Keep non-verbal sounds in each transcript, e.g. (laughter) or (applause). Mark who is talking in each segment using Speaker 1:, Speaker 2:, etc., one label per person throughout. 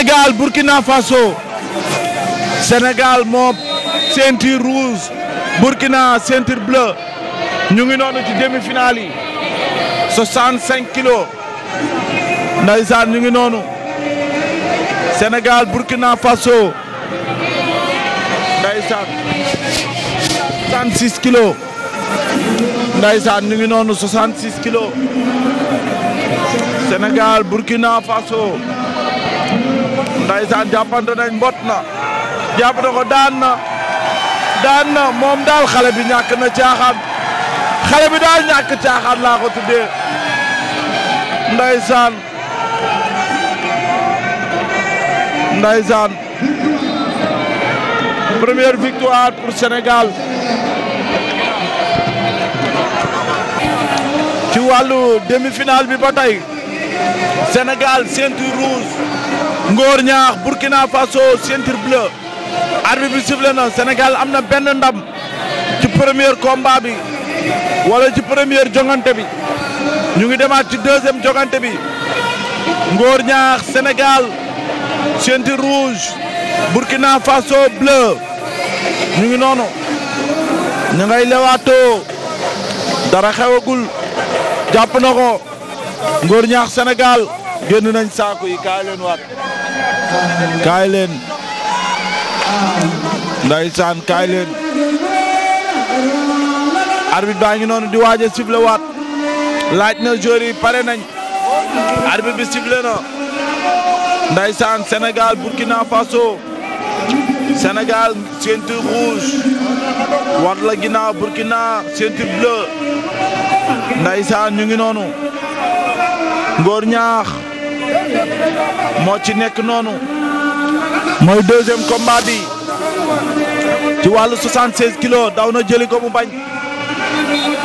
Speaker 1: Sénégal Burkina Faso Sénégal moo ceinture rouge Burkina ceinture bleu ñu ngi noonu ci demi-finale yi 65 kilos ndaysaan ñu ngi noonu Sénégal Burkina Faso ndaysaan 66 kilos ndaysaan ñu ngi noonu 66 Sénégal Burkina Faso. ndaysaan jàppante nañ mbot na jàpp na ko daan na daan na moom daal xale bi ñàkk na caaxaan xale bi daal ñàkk caaxaan laa ko tuddee ndaysaan ndaysaan première victoire pour Sénégal ci wàllu demi-finale bi ba tey Sénégal ceinture Ngor ñaax Burkina Faso ceinture bleu arbitre bi sifflé na Sénégal am na benn ndam ci premier combat bi wala ci premier jongante bi ñu ngi demaat ci deuxième jongante bi ngóor Niakh senegal ceinture rouge Burkina Faso bleu ñu ngi noonu ñu ngay lewaatoo dara xewagul jàpp na ko ngóor Niakh senegal génn nañ saako yi kaay leen waat kaay leen ndeysaan kaay leen baa ngi noonu di waaj a sifflé laaj na joueur pare nañ arbitre bi sifflé na ndeysaan Sénégal Burkina Faso Sénégal ceinture rouge war la ginnaaw Burkina ceinture bleu ndeysaan ñu ngi noonu Ngor Ñaax moo ci nekk noonu mooy deuxième combat bi ci wàllu 76 kilos daw na jëli ko mu bañ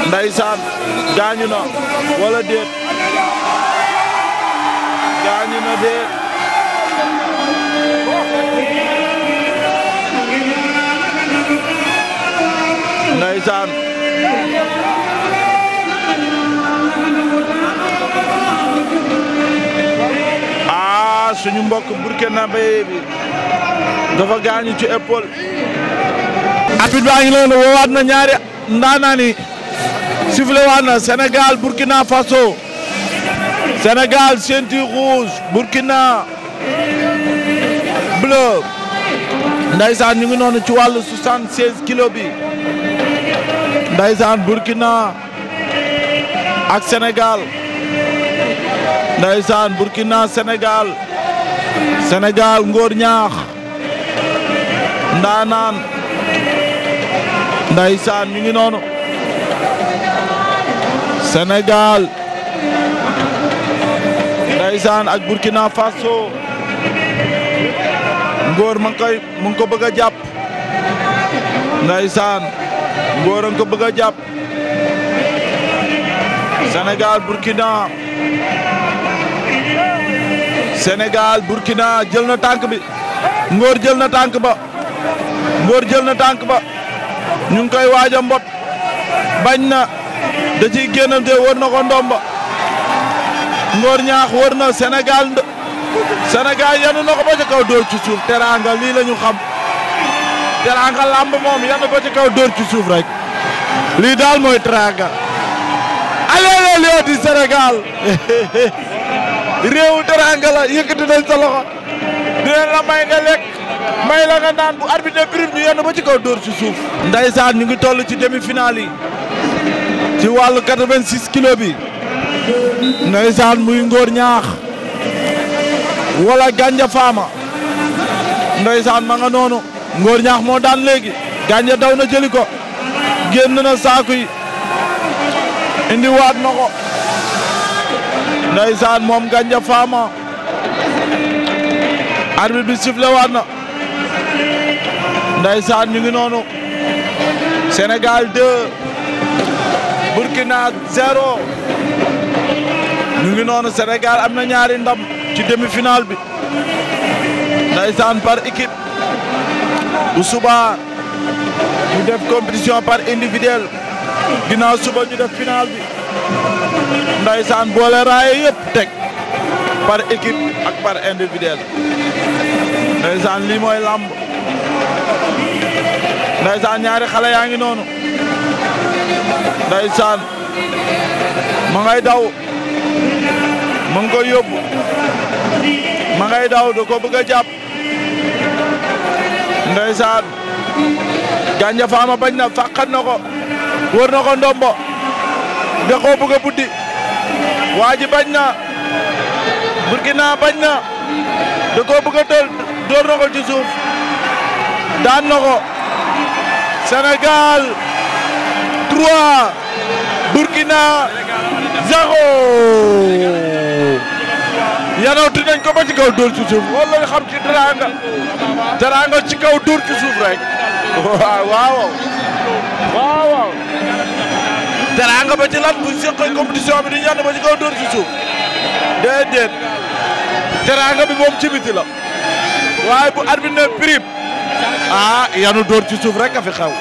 Speaker 1: ndaysaan gaañu na wala déet gaañu na déet ndaysaan suñu mbokk burkinabé bi dafa gaañu ci épaule. arbitre baa ngi leen woowaat na ñaari ndaanaan yi sifflé waat na Sénégal Burkina Faso senegal ceinture rouge Burkina bleu ndaysaan ñu ngi noonu ci wàllu 76 kilos bi ndaysaan Burkina ak Sénégal ndaysaan Burkina Sénégal Sénégal ngóor ñaax ndaanaan ndaysaan mi ngi noonu Sénégal ndaysaan ak Burkina Faso ngóor ma ngi mu ngi ko bëgg a jàpp ndaysaan ngóor a ngi ko bëgg a jàpp Sénégal Burkina Sénégal Burkina jël na tànk bi Ngor jël na tànk ba Ngor jël na tànk ba ñu ngi koy waaj a mbot bañ na da ciy génnante wër na ko ndomba Ngor ñaax wër na Sénégal Sénégal yanu na ko ba ci kaw dóor ci suuf teraanga lii lañu ñu xam teraanga làmb moom yanu ba ci kaw dóor ci suuf rek lii daal mooy teraanga allez les lions du Sénégal (laughs) réewu teranga la yëkkati nañ sa loxo dinañ la may nga lekk may la nga naan bu arbitre prime ñu yenn ba ci kaw dóor ci suuf ndeysaan ñu ngi toll ci demi-finale yi ci wàllu 86 kilos bi ndeysaan muy ngóor ñaax wala gànja faama ndeysaan ma nga noonu ngóor ñaax moo daan léegi gànja daw na jëli ko génn na saaku yi indiwaat na ko ndeysaan moom Gandia Fama arbitre bi sifflé waat na ñu ngi noonu Sénégal 2 Burkina 0 ñu ngi noonu Sénégal am na ñaari ndam ci demi-finale bi ndeysaan par équipe bu suba def compétition par individuel ginnaaw suba ñu def finale bi ndaysaan boole raay yëpp teg par équipe ak par individuel ndaysaan lii mooy ndaysaan ñaari xale yaa ngi noonu ndaysaan ma ngay daw ma ngi koy yóbbu ma ngay daw da ko bëgg a jàpp ndaysaan gànja faama bañ na fàqat na ko wër na ko ndombo da koo bëgg a buddi waa ji bañ na Burkina bañ na da koo bëgg a dóor dóor na ko ci suuf daan na ko Sénégal Burkina 0 yanaw ti ko ba ci kaw dóor ci suuf xam ci teraanga teraanga ci kaw rek (laughs) teraanga ba ci lan bu seqee compétition bi di ñaan ba ci kaw dóor ci suuf déedéet teraanga bi moom ci biti waaye bu arbitre ne prime ah yanu dóor ci suuf rek a fi xew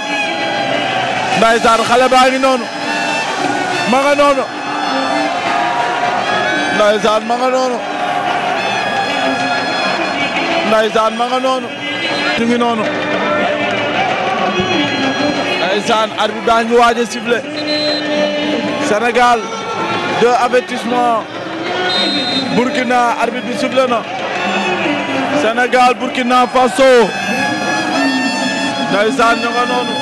Speaker 1: ndeysaan xale baa ngi noonu ma nga noonu ndeysaan ma noonu ndeysaan ma nga noonu ñu ngi noonu ndeysaan arbitre baa ngi waaj a siffler Sénégal deux avertissement Burkina arbitre bi na Sénégal Burkina Faso ndeysaan ñu nga noonu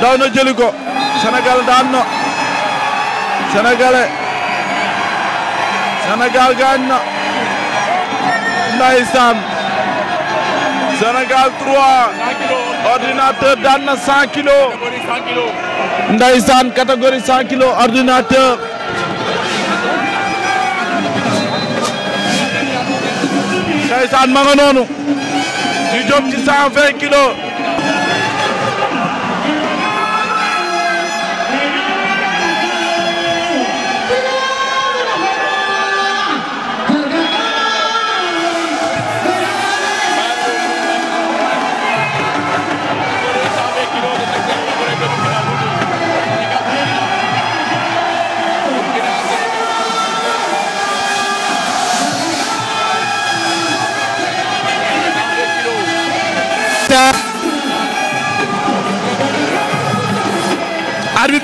Speaker 1: daw na jëli ko daan na sénégalais Sénégal gaañ na ndeysaan Sénégal 3 ordinateur daan na kilo kilos ndeysaan catégorie 100 kilos ordinateur ndeysaan ma nga noonu di jom ci 120 kilos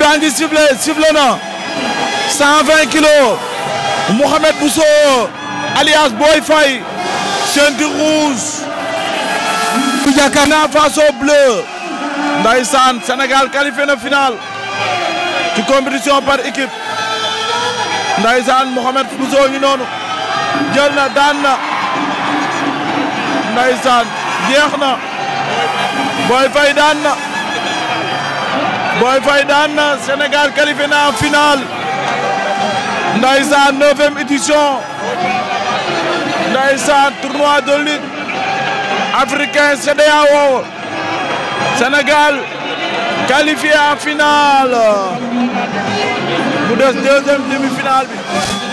Speaker 1: baa ngi sifflé sifflé na 120 kilos Mouhamed Bousso alias Boy Faye bu jàkkaar naa face au bleu. Ndeysaan Sénégal qualifié na final. ci compétition par équipe. Ndeysaan Mouhamed Bousso ñu noonu. jël na daan na. Ndeysaan jeex na. Boy Faye daan na Sénégal qualifié na en finale ndaysaan neuvième édition ndaysaan tournoi de lutte africain CEDEAO Sénégal qualifié en finale mu des deuxième demi-finale bi